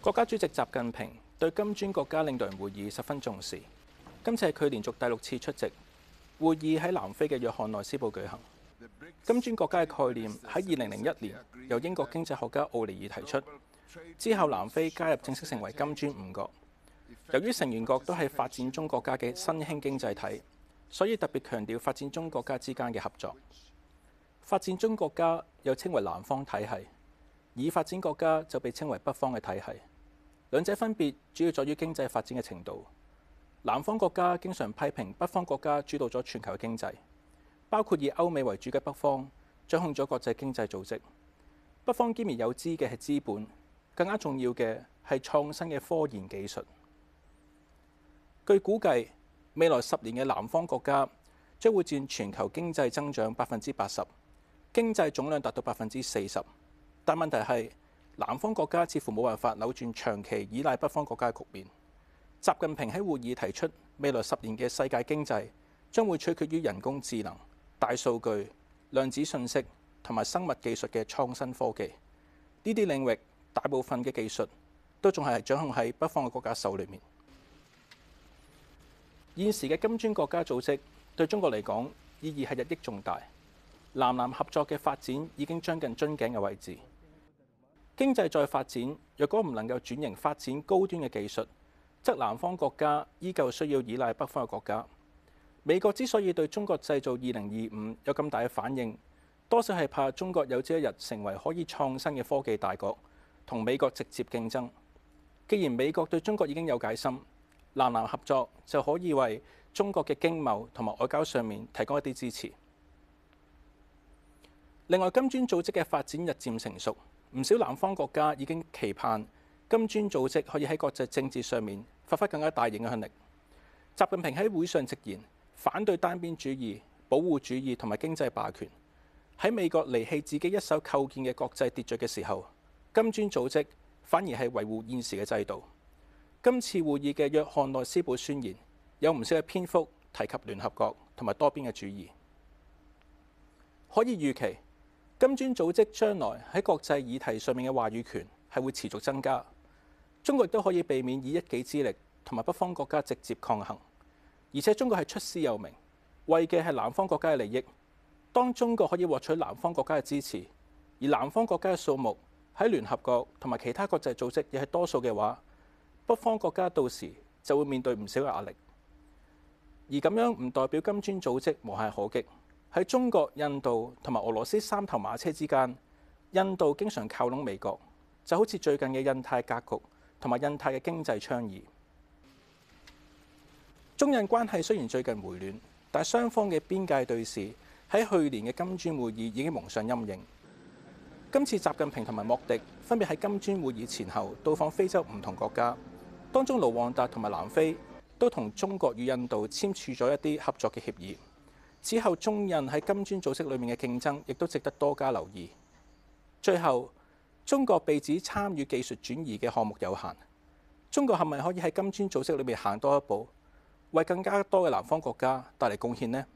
國家主席習近平對金磚國家領導人會議十分重視。今次係佢連續第六次出席會議，喺南非嘅約翰內斯堡舉行。金磚國家嘅概念喺二零零一年由英國經濟學家奧尼爾提出，之後南非加入，正式成為金磚五國。由於成員國都係發展中國家嘅新興經濟體。所以特別強調發展中國家之間嘅合作。發展中國家又稱為南方體系，已發展國家就被稱為北方嘅體系。兩者分別主要在於經濟發展嘅程度。南方國家經常批評北方國家主導咗全球經濟，包括以歐美為主嘅北方掌控咗國際經濟組織。北方兼而有之嘅係資本，更加重要嘅係創新嘅科研技術。據估計。未來十年嘅南方國家將會佔全球經濟增長百分之八十，經濟總量達到百分之四十。但問題係南方國家似乎冇辦法扭轉長期依賴北方國家嘅局面。習近平喺會議提出，未來十年嘅世界經濟將會取決於人工智能、大數據、量子信息同埋生物技術嘅創新科技。呢啲領域大部分嘅技術都仲係掌控喺北方嘅國家手裏面。現時嘅金磚國家組織對中國嚟講意義係日益重大，南南合作嘅發展已經將近樽頸嘅位置。經濟再發展，若果唔能夠轉型發展高端嘅技術，則南方國家依舊需要依賴北方嘅國家。美國之所以對中國製造二零二五有咁大嘅反應，多少係怕中國有朝一日成為可以創新嘅科技大國，同美國直接競爭。既然美國對中國已經有戒心，南南合作就可以為中國嘅經貿同埋外交上面提供一啲支持。另外，金磚組織嘅發展日漸成熟，唔少南方國家已經期盼金磚組織可以喺國際政治上面發揮更加大影響力。習近平喺會上直言：反對單邊主義、保護主義同埋經濟霸權，喺美國離棄自己一手構建嘅國際秩序嘅時候，金磚組織反而係維護現時嘅制度。今次會議嘅約翰內斯堡宣言有唔少嘅篇幅提及聯合國同埋多邊嘅主義。可以預期金磚組織將來喺國際議題上面嘅話語權係會持續增加。中國亦都可以避免以一己之力同埋北方國家直接抗衡，而且中國係出師有名，為嘅係南方國家嘅利益。當中國可以獲取南方國家嘅支持，而南方國家嘅數目喺聯合國同埋其他國際組織，亦係多數嘅話，北方國家到時就會面對唔少嘅壓力，而咁樣唔代表金磚組織無懈可擊。喺中國、印度同埋俄羅斯三頭馬車之間，印度經常靠攏美國，就好似最近嘅印太格局同埋印太嘅經濟倡議。中印關係雖然最近回暖，但係雙方嘅邊界對峙喺去年嘅金磚會議已經蒙上陰影。今次習近平同埋莫迪分別喺金磚會議前後到訪非洲唔同國家。當中，盧旺達同埋南非都同中國與印度簽署咗一啲合作嘅協議。之後，中印喺金磚組織裏面嘅競爭，亦都值得多加留意。最後，中國被指參與技術轉移嘅項目有限，中國係咪可以喺金磚組織裏面行多一步，為更加多嘅南方國家帶嚟貢獻呢？